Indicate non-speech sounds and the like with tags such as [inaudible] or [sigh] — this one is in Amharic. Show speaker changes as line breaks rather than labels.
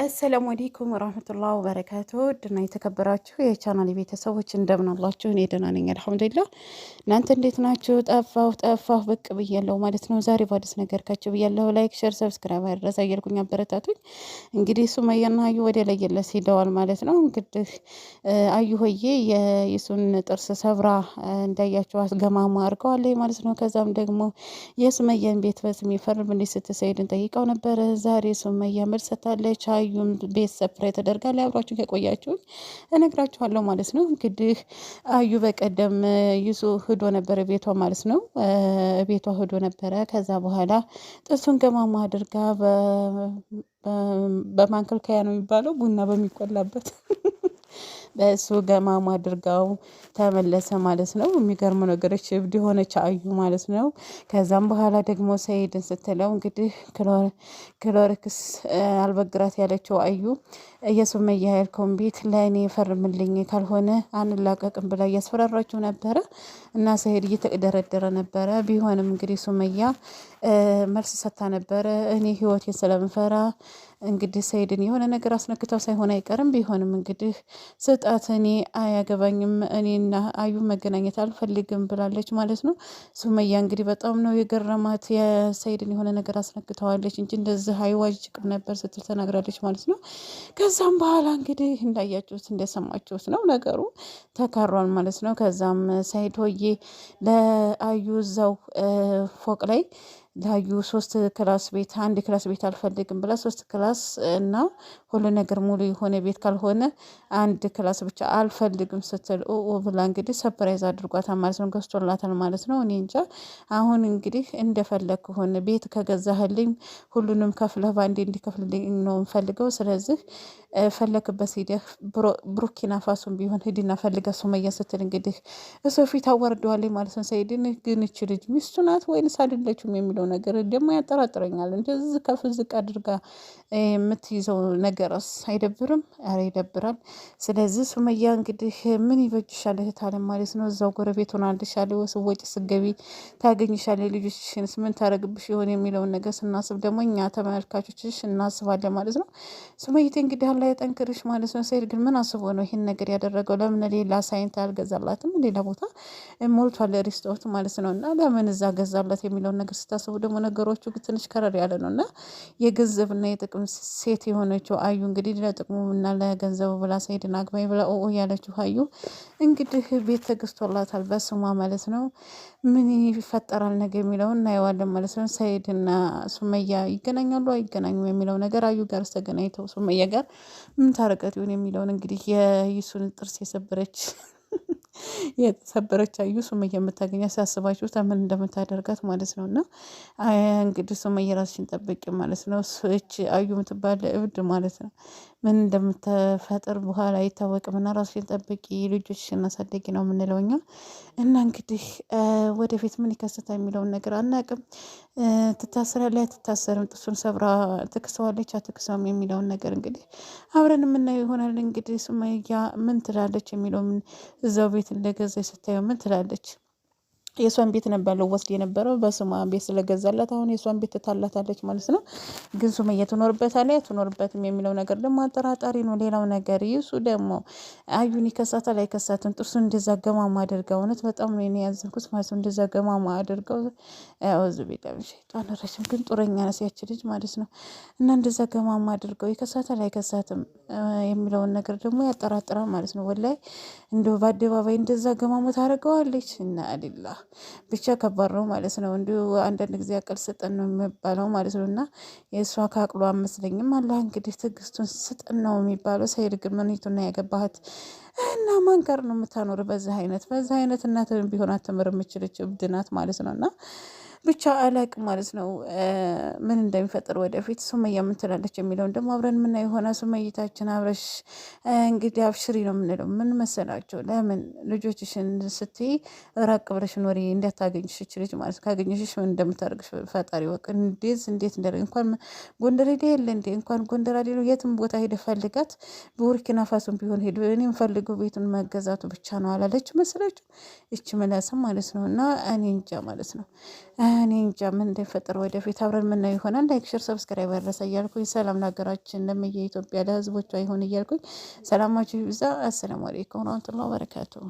አሰላሙ አለይኩም ወራህመቱላሂ ወበረካቱ ድና የተከበራችሁ የቻናል ቤተሰቦች እንደምን አላችሁ? እኔ ደህና ነኝ አልሐምዱሊላህ። እናንተ እንዴት ናችሁ? ጠፋሁ ጠፋሁ ብቅ ብያለሁ ማለት ነው። ዛሬ ባዲስ ነገር ካችሁ ብያለሁ። ላይክ፣ ሼር፣ ሰብስክራይብ አይረሳ እያልኩኝ አበረታቱኝ። እንግዲህ ሱመያና አዩ ወደ ለየለት ሄደዋል ማለት ነው። እንግዲህ አዩ ሆዬ የሱን ጥርስ ሰብራ እንዳያችሁ አስገማማ አድርገዋል ማለት ነው። ከዛም ደግሞ የሱመያን ቤት በስም ይፈርም እንዲህ ስትሰይድን ጠይቀው ነበረ። ዛሬ ሱመያ መልስ ሰጥታለች። አዩም ቤት ሰፕራይ ተደርጋ ሊያብሯችሁ ከቆያችሁ እነግራችኋለሁ ማለት ነው። እንግዲህ አዩ በቀደም ይዞ ህዶ ነበረ ቤቷ ማለት ነው። ቤቷ ህዶ ነበረ። ከዛ በኋላ ጥሱን ገማማ አድርጋ በማንከልከያ ነው የሚባለው ቡና በሚቆላበት [laughs] በእሱ ገማም አድርጋው ተመለሰ ማለት ነው። የሚገርሙ ነገሮች እብድ የሆነች አዩ ማለት ነው። ከዛም በኋላ ደግሞ ሰኢድን ስትለው እንግዲህ ክሎሪክስ አልበግራት ያለችው አዩ እየሱመያ ያልከውን ቤት ለእኔ ፈርምልኝ ካልሆነ አንላቀቅም ብላ እያስፈራራችው ነበረ እና ሰኢድ እየተደረደረ ነበረ ቢሆንም እንግዲህ ሱመያ መልስ ሰታ ነበረ። እኔ ህይወቴን ስለምፈራ እንግዲህ ሰይድን የሆነ ነገር አስነክተው ሳይሆን አይቀርም። ቢሆንም እንግዲህ ስጣት፣ እኔ አያገባኝም፣ እኔና አዩ መገናኘት አልፈልግም ብላለች ማለት ነው። ሱመያ እንግዲህ በጣም ነው የገረማት። የሰይድን የሆነ ነገር አስነክተዋለች እንጂ እንደዚህ አይዋጅቅም ነበር ስትል ተናግራለች ማለት ነው። ከዛም በኋላ እንግዲህ እንዳያችሁት እንደሰማችሁት ነው ነገሩ ተከሯል ማለት ነው። ከዛም ሰኢድ ሆዬ ለአዩ እዛው ፎቅ ላይ ላዩ ሶስት ክላስ ቤት አንድ ክላስ ቤት አልፈልግም ብላ ሶስት ክላስ እና ሁሉ ነገር ሙሉ የሆነ ቤት ካልሆነ አንድ ክላስ ብቻ አልፈልግም ስትል ብላ እንግዲህ ሰፕራይዝ አድርጓታል ማለት ነው። ገዝቶላታል ማለት ነው። እኔ እንጃ አሁን እንግዲህ እንደፈለግ ከሆነ ቤት ከገዛህልኝ ሁሉንም ከፍለህ በአንዴ እንዲከፍልልኝ ነው የምፈልገው። ስለዚህ ፈለክበት ሂደህ ብሩኪና ፋሶን ቢሆን ሂድና ፈልጋ ሱመያ ስትል እንግዲህ እሱ ፊት አዋርደዋለኝ ማለት ነው። ሰኢድን ግን እች ልጅ ሚስቱ ናት ወይንስ አይደለችም የሚለው ያለው ነገር ደግሞ ያጠራጥረኛል። እንደዚ ከፍ ዝቅ አድርጋ የምትይዘው ነገርስ አይደብርም? ኧረ ይደብራል። ስለዚህ ሱመያ እንግዲህ ምን ይበጅሻል እህታለ ማለት ነው። እዛው ጎረቤት ሆናልሻለ፣ ስወጭ ስገቢ ታገኝሻለ፣ ልጆችሽንስ ምን ታረግብሽ ይሆን የሚለውን ነገር ስናስብ ደግሞ እኛ ተመልካቾችሽ እናስባለን ማለት ነው። ሱመይቴ እንግዲህ አላ የጠንክርሽ ማለት ነው። ሰይድ ግን ምን አስቦ ነው ይህን ነገር ያደረገው? ለምን ሌላ ሳይንት አልገዛላትም? ሌላ ቦታ ሞልቷል ሪስቶርት ማለት ነው። እና ለምን እዛ ገዛላት የሚለውን ነገር ስታስብ ሳስበው ደግሞ ነገሮቹ ትንሽ ከረር ያለ ነው እና የገንዘብና የጥቅም ሴት የሆነችው አዩ እንግዲህ ለጥቅሙና ለገንዘቡ ብላ ሰኢድን አግባኝ ብላ ኦ ያለችው አዩ እንግዲህ ቤት ተገዝቶላታል በስሟ ማለት ነው። ምን ይፈጠራል ነገ የሚለውን እናየዋለን ማለት ነው። ሰኢድና ሱመያ ይገናኛሉ አይገናኙም የሚለው ነገር አዩ ጋር ተገናኝተው ሱመያ ጋር ምን ታረቀት ይሆን የሚለውን እንግዲህ የይሱን ጥርስ የሰበረች የተሰበረች አዩ ሱመያ የምታገኛ ሲያስባችሁ ተምን እንደምታደርጋት ማለት ነው። እና እንግዲህ ሱመያ የራስሽን ጠብቂ ማለት ነው። እች አዩ የምትባል እብድ ማለት ነው ምን እንደምትፈጥር በኋላ አይታወቅም። እና ራስሽን ጠብቂ፣ ልጆችሽን አሳደጊ ነው የምንለው እኛ። እና እንግዲህ ወደፊት ምን ይከሰታ የሚለውን ነገር አናቅም። ትታስራለች፣ አትታሰርም፣ ጥሱን ሰብራ ትክሰዋለች፣ አትክሰውም የሚለውን ነገር እንግዲህ አብረን የምናየው ይሆናል። እንግዲህ ሱመያ ምን ትላለች የሚለውን እዛው ቤት ቤት እንደገዛች ስታየው ምን ትላለች? የእሷን ቤት ነበር ልወስድ የነበረው በስሟ ቤት ስለገዛላት አሁን የእሷን ቤት ትታላታለች ማለት ነው። ግን ሱመያ ትኖርበታለች አትኖርበትም የሚለው ነገር ደግሞ አጠራጣሪ ነው። ሌላው ነገር ይሱ ደግሞ አዩን ይከሳታል አይከሳትም። ጥርሱ እንደዛ ገማማ አድርገው እውነት በጣም ነው እኔ ያዘንኩት ማለት ነው። እንደዛ ገማማ አድርገው አውዝ ቢቀም ሸይጣን ረጅም ግን ጡረኛ ነስ ያች ማለት ነው። እና እንደዛ ገማማ አድርገው ይከሳታል አይከሳትም የሚለውን ነገር ደግሞ ያጠራጥራል ማለት ነው። ወላይ እንደው በአደባባይ እንደዛ ገማሞት አድርገዋለች እና አሌላ ብቻ ከባድ ነው ማለት ነው። እንዲ አንዳንድ ጊዜ አቅል ስጠን ነው የሚባለው ማለት ነው። እና የእሷ ከአቅሎ አመስለኝም አለ እንግዲህ ትዕግስቱን ስጠን ነው የሚባለው። ሰይድ ግን ምንቱና ያገባሃት እና ማን ጋር ነው የምታኖር? በዚህ አይነት በዚህ አይነት እናት ቢሆን አትምር የምችልች እብድ ማለት ነው እና ብቻ አላቅ ማለት ነው ምን እንደሚፈጠር ወደፊት ሱመያ ምን ትላለች የሚለውን ደግሞ አብረን ምና የሆነ ሱመይታችን አብረሽ እንግዲህ አብሽሪ ነው የምንለው። ምን መሰላቸው? ለምን ልጆችሽን ስትይ ራቅ ብለሽ ኖሪ እንዳታገኝሽ ልጅ ማለት ካገኘሽሽ ምን እንደምታደርግሽ ፈጣሪ ወቅ። እንዴት እንዴት እንደ እንኳን ጎንደር ሄደ የለ እንዴ እንኳን ጎንደር አሌሉ የትም ቦታ ሄደ ፈልጋት፣ ቡርኪና ፋሶን ቢሆን ሄዱ እኔም ፈልገው ቤቱን መገዛቱ ብቻ ነው አላለች መስለች እች ምላስም ማለት ነው እና እኔ እንጃ ማለት ነው እኔ እንጃ ምን እንደፈጠረ ወደፊት አብረን ምናየው ይሆናል። ላይክ፣ ሼር፣ ሰብስክራይብ ያደረሰ እያልኩኝ ሰላም ለሀገራችን ለምየ ኢትዮጵያ ለህዝቦቿ ይሁን እያልኩኝ ሰላማችሁ ይብዛ። አሰላሙ አለይኩም ወራህመቱላሂ ወበረካቱሁ።